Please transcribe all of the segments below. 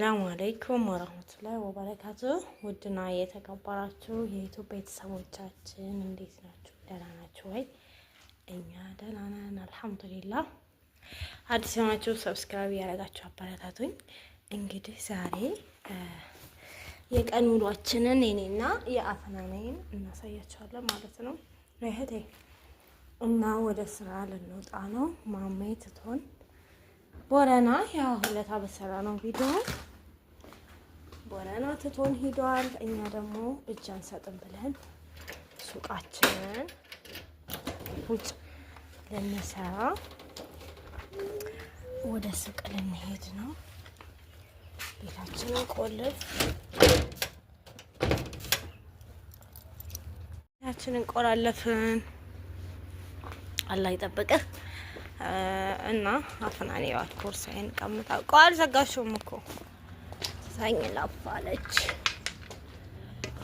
ሰላም አለይኩም ወረህመቱላሂ ወበረካቱ። ውድና የተከበራችሁ የኢትዮጵያ ቤተሰቦቻችን እንዴት ናችሁ? ደህና ናችሁ ወይ? እኛ ደህና ነን አልሐምዱሊላህ። አዲስ የሆናችሁ ሰብስክራይብ ያደረጋችሁ አበረታቱኝ። እንግዲህ ዛሬ የቀን ውሏችንን የኔና የአፈናናይን እናሳያቸዋለን ማለት ነው። እህቴ እና ወደ ስራ ልንወጣ ነው። ማሜ ትቶን ቦረና ያው ሁለታ በሰራ ነው ቪዲዮ ቦረና ትቶን ሂዷል። እኛ ደግሞ እጅ አንሰጥም ብለን ሱቃችንን ውጭ ልንሰራ ወደ ሱቅ ልንሄድ ነው። ቤታችንን ቆልፍ ቤታችንን ቆላለፍን። አላህ ይጠብቅህ እና አፍናኔ ኮርስ አይን ቀምጣ ቋል ዘጋሽም እኮ አዛኝ ላፋለች።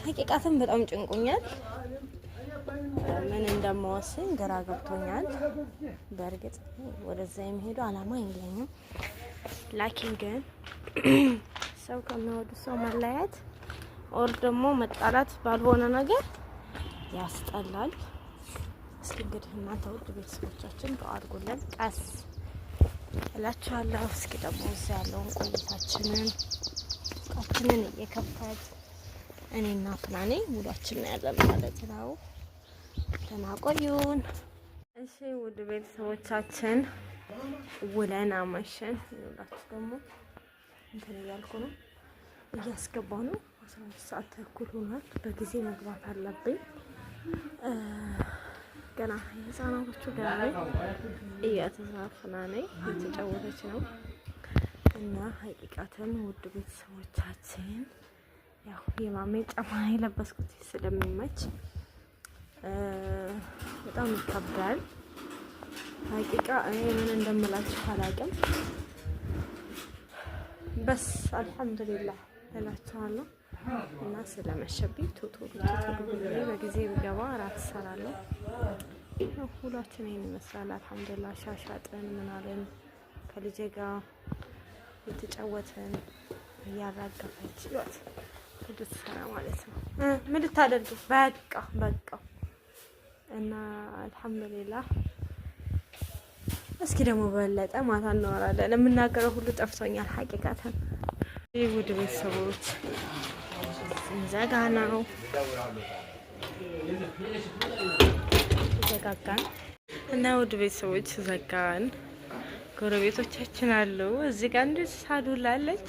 ሀቂቃትን በጣም ጭንቁኛል። ምን እንደማወስን ግራ ገብቶኛል። በእርግጥ ወደዛ የሚሄዱ አላማ የለኝም። ላኪን ግን ሰው ከሚወዱ ሰው መለያየት ኦር ደግሞ መጣላት ባልሆነ ነገር ያስጠላል። እስኪ እንግዲህ እናንተ ውድ ቤተሰቦቻችን ተዋርጉልን ቀስ እላችኋለሁ። እስኪ ደግሞ እዚያ ያለውን ቆይታችንን ሱቃችንን እየከፈት እኔና ፍናኔ ውሏችንን ያለን ማለት ነው። ተናቆዩን። እሺ ውድ ቤተሰቦቻችን ውለን አመሸን። ይውላችሁ ደግሞ እንትን እያልኩ ነው እያስገባው ነው። አስራ ሁለት ሰዓት ተኩል ሆኗል። በጊዜ መግባት አለብኝ። ገና የህፃናቶቹ ገና እያተዛፍና ነኝ እየተጫወተች ነው እና ሀቂቃተን ውድ ቤተሰቦቻችን ያው የማሜ ጫማ የለበስኩት ስለሚመች በጣም ይከብዳል። ሀቂቃ እኔ ምን እንደምላችሁ አላውቅም። በስ አልሐምዱሊላህ እላችኋለሁ። እና ስለመሸብኝ ቶቶ በጊዜ ብገባ እራት እሰራለሁ። ሁላችን ይህን ይመስላል። አልሐምዱሊላህ ሻሻጥን ምናለን ከልጄ ጋር የተጫወትን እያራገፈች ይወት ልትሰራ ማለት ነው። ምን ልታደርጉ በቃ በቃ እና አልሐምዱሊላህ። እስኪ ደግሞ በለጠ ማታ እናወራለን። የምናገረው ሁሉ ጠፍቶኛል ሀቂቃተን። ውድ ቤተሰቦች እንዘጋ ነው ዘጋጋን እና ውድ ቤተሰቦች ዘጋን። ጎረቤቶቻችን አሉ። እዚህ ጋር እንደ ሳዱላ አለች።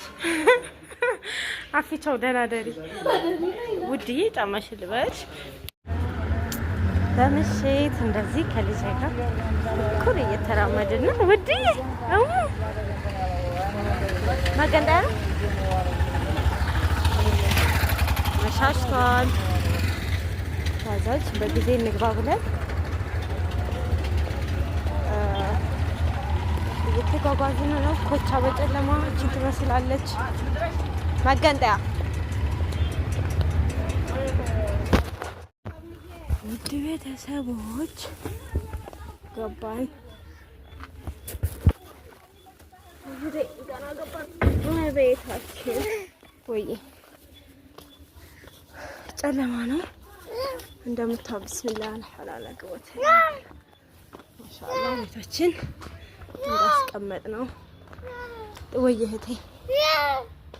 አፍቻው ደህና ደሪ ውድዬ ጫማሽ ልበሽ። በምሽት እንደዚህ ከልጅ ጋር እኩል እየተራመድን ነው። ውድዬ እሙ መቀንጠያ መሻሽቷል። ከዛች በጊዜ እንግባ ብለን እየተጓጓዝን ነው። ኮቻ በጨለማ እችን ትመስላለች። መገንጠያ ውድ ቤተሰቦች ገባን ቤታችን። ወይ ጨለማ ነው እንደምታው። ብስሚላ አልሐላላ ግቦት ማሻአላ ቤታችን እንዳስቀመጥ ነው። ወይ እህቴ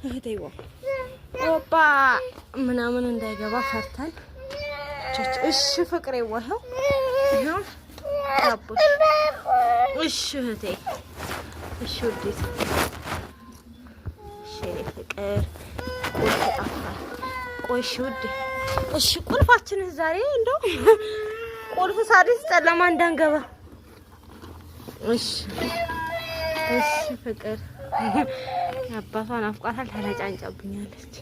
እህቴ ምናምን እንዳይገባ ፈርተን እሺ ፍቅሬ ወኸው እሺ እህቴ እሺ ውዴት እሺ ፍቅር ቁልፍ ቆይ እሺ ውዴ እሺ ዛሬ እንደው ቁልፍ ሳዲስ ጨለማ እንዳንገባ እሺ፣ እሺ ፍቅር አባቷን አፍቋታል። ተለጫንጫብኛለች።